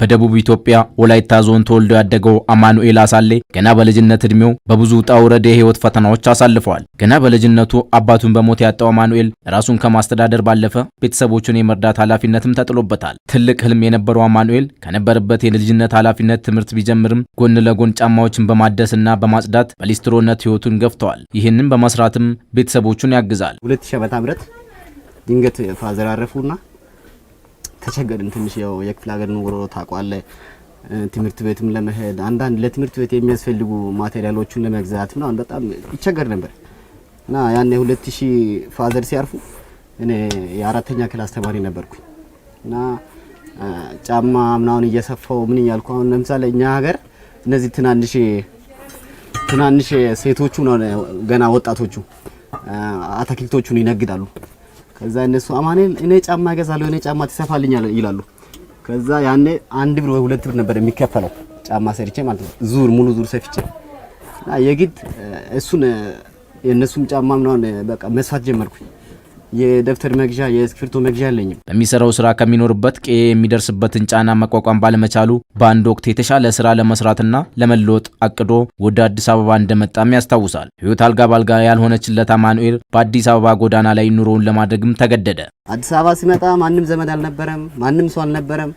በደቡብ ኢትዮጵያ ወላይታ ዞን ተወልዶ ያደገው አማኑኤል አሳሌ ገና በልጅነት ዕድሜው በብዙ ውጣ ውረድ የህይወት ፈተናዎች አሳልፈዋል። ገና በልጅነቱ አባቱን በሞት ያጣው አማኑኤል ራሱን ከማስተዳደር ባለፈ ቤተሰቦቹን የመርዳት ኃላፊነትም ተጥሎበታል። ትልቅ ህልም የነበረው አማኑኤል ከነበረበት የልጅነት ኃላፊነት ትምህርት ቢጀምርም ጎን ለጎን ጫማዎችን በማደስና በማጽዳት በሊስትሮነት ህይወቱን ገፍተዋል። ይህንን በመስራትም ቤተሰቦቹን ያግዛል። 2000 ዓ.ም ድንገት ፋዘር አረፉና ተቸገርን ትንሽ። ያው የክፍለ ሀገር ኑሮ ታውቋለህ። ትምህርት ቤትም ለመሄድ አንዳንድ ለትምህርት ቤት የሚያስፈልጉ ማቴሪያሎቹን ለመግዛት ምናምን በጣም ይቸገር ነበር እና ያኔ ሁለት ሺህ ፋዘር ሲያርፉ እኔ የአራተኛ ክላስ ተማሪ ነበርኩኝ እና ጫማ ምናምን እየሰፋው ምን እያልኩ አሁን ለምሳሌ እኛ ሀገር እነዚህ ትናንሽ ትናንሽ ሴቶቹ ገና ወጣቶቹ አትክልቶቹን ይነግዳሉ። ከዛ እነሱ አማኔ እኔ ጫማ እገዛለሁ እኔ ጫማ ትሰፋልኛል ይላሉ። ከዛ ያኔ አንድ ብር ወይ ሁለት ብር ነበር የሚከፈለው ጫማ ሰርቼ ማለት ነው። ዙር ሙሉ ዙር ሰፍቼ የግድ እሱን የእነሱም ጫማ ምናምን በቃ መስፋት ጀመርኩኝ። የደብተር መግዣ የእስክሪብቶ መግዣ የለኝም። በሚሰራው ስራ ከሚኖርበት ቀዬ የሚደርስበትን ጫና መቋቋም ባለመቻሉ በአንድ ወቅት የተሻለ ስራ ለመስራትና ለመለወጥ አቅዶ ወደ አዲስ አበባ እንደመጣም ያስታውሳል። ህይወት አልጋ ባልጋ ያልሆነችለት አማኑኤል በአዲስ አበባ ጎዳና ላይ ኑሮውን ለማድረግም ተገደደ። አዲስ አበባ ሲመጣ ማንም ዘመድ አልነበረም፣ ማንም ሰው አልነበረም።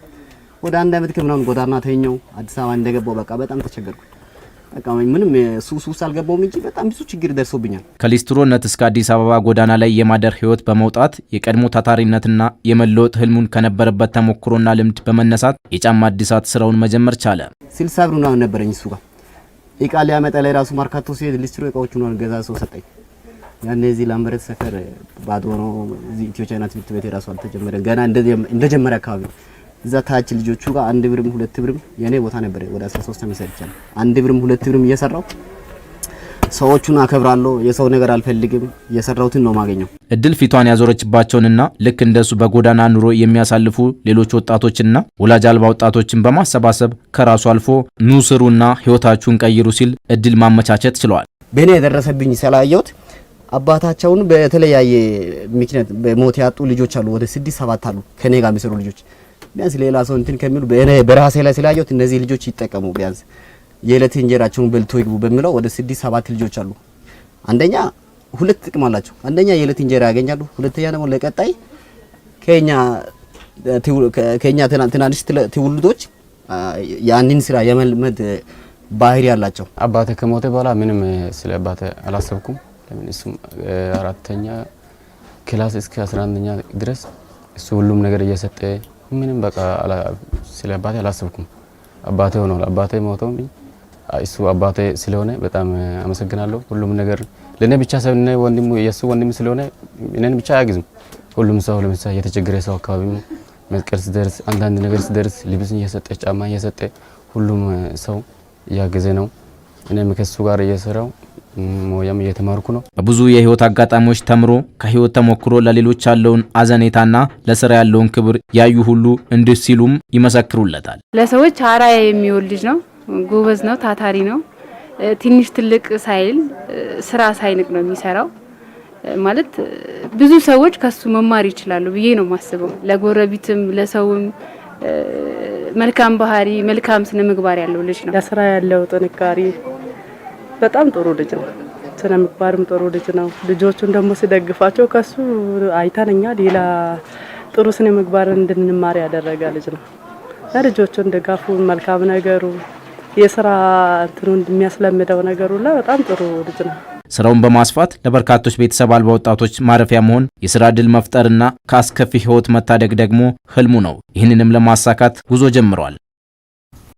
ወደ አንድ ዓመት ከምናምን ጎዳና ተኘው። አዲስ አበባ እንደገባው በቃ በጣም ተቸገርኩ። ጠቃመኝ ምንም ሱስ ውስጥ አልገባውም እንጂ በጣም ብዙ ችግር ደርሶብኛል። ከሊስትሮነት እስከ አዲስ አበባ ጎዳና ላይ የማደር ህይወት በመውጣት የቀድሞ ታታሪነትና የመለወጥ ህልሙን ከነበረበት ተሞክሮና ልምድ በመነሳት የጫማ አዲሳት ስራውን መጀመር ቻለ። ስልሳ ብር ምናምን ነበረኝ እሱ ጋር እቃ ሊያመጣ ላይ ራሱ ማርካቶ ሲሄድ ሊስትሮ እቃዎች ሆን ገዛ ሰው ሰጠኝ። ያን እዚህ ላምበረት ሰፈር ባዶ ነው። እዚህ ኢትዮ ቻይና ትምህርት ቤት የራሱ አልተጀመረ ገና እንደጀመረ አካባቢ ነው እዛ ታች ልጆቹ ጋር አንድ ብርም ሁለት ብርም የኔ ቦታ ነበር። ወደ 13 ዓመት ሰርቻለሁ። አንድ ብርም ሁለት ብርም እየሰራው ሰዎቹን አከብራለሁ። የሰው ነገር አልፈልግም። የሰራሁትን ነው ማገኘው። እድል ፊቷን ያዞረችባቸውንና ልክ እንደሱ በጎዳና ኑሮ የሚያሳልፉ ሌሎች ወጣቶችና ወላጅ አልባ ወጣቶችን በማሰባሰብ ከራሱ አልፎ ኑ ስሩና ህይወታችሁን ቀይሩ ሲል እድል ማመቻቸት ችለዋል። በእኔ የደረሰብኝ ስላየሁት አባታቸውን በተለያየ ምክንያት በሞት ያጡ ልጆች አሉ። ወደ ስድስት ሰባት አሉ ከኔ ጋር የሚሰሩ ልጆች ቢያንስ ሌላ ሰው እንትን ከሚሉ በራሴ ላይ ስላየሁት እነዚህ ልጆች ይጠቀሙ ቢያንስ የእለት እንጀራቸውን በልቶ ይግቡ በሚለው ወደ ስድስት ሰባት ልጆች አሉ። አንደኛ ሁለት ጥቅም አላቸው። አንደኛ የእለት እንጀራ ያገኛሉ። ሁለተኛ ደግሞ ለቀጣይ ከኛ ከኛ ትናንሽ ትውልዶች ያንን ስራ የመልመድ ባህሪ ያላቸው። አባተ ከሞተ በኋላ ምንም ስለ አባተ አላሰብኩም። ለምን እሱም አራተኛ ክላስ እስከ 11ኛ ድረስ እሱ ሁሉም ነገር እየሰጠ ምንም በቃ ስለ አባቴ አላሰብኩም። አባቴ ሆኗል። አባቴ ሞተው እሱ አባቴ ስለሆነ በጣም አመሰግናለሁ። ሁሉም ነገር ለእኔ ብቻ ሰብነ ወንድሙ የእሱ ወንድም ስለሆነ እኔን ብቻ አያግዝም። ሁሉም ሰው ለምሳሌ የተቸገረ ሰው አካባቢ መስቀል ሲደርስ አንዳንድ ነገር ሲደርስ ልብስ እየሰጠ ጫማ እየሰጠ ሁሉም ሰው እያገዘ ነው። እኔም ከሱ ጋር እየሰራው ሞያም እየተማርኩ ነው። በብዙ የህይወት አጋጣሚዎች ተምሮ ከህይወት ተሞክሮ ለሌሎች ያለውን አዘኔታና ለስራ ያለውን ክብር ያዩ ሁሉ እንዲህ ሲሉም ይመሰክሩለታል። ለሰዎች አራያ የሚውል ልጅ ነው። ጎበዝ ነው። ታታሪ ነው። ትንሽ ትልቅ ሳይል ስራ ሳይንቅ ነው የሚሰራው። ማለት ብዙ ሰዎች ከሱ መማር ይችላሉ ብዬ ነው የማስበው። ለጎረቢትም ለሰውም መልካም ባህሪ፣ መልካም ስነ ምግባር ያለው ልጅ ነው። ለስራ ያለው ጥንካሬ በጣም ጥሩ ልጅ ነው። ስነ ምግባርም ጥሩ ልጅ ነው። ልጆቹን ደግሞ ሲደግፋቸው ከሱ አይተን እኛ ሌላ ጥሩ ስነ ምግባር እንድንማር ያደረገ ልጅ ነው። ልጆቹን ድጋፉ፣ መልካም ነገሩ፣ የስራ እንትኑን የሚያስለምደው ነገሩ ላ በጣም ጥሩ ልጅ ነው። ስራውን በማስፋት ለበርካቶች ቤተሰብ አልባ ወጣቶች ማረፊያ መሆን የስራ ዕድል መፍጠርና ከአስከፊ ህይወት መታደግ ደግሞ ህልሙ ነው። ይህንንም ለማሳካት ጉዞ ጀምሯል።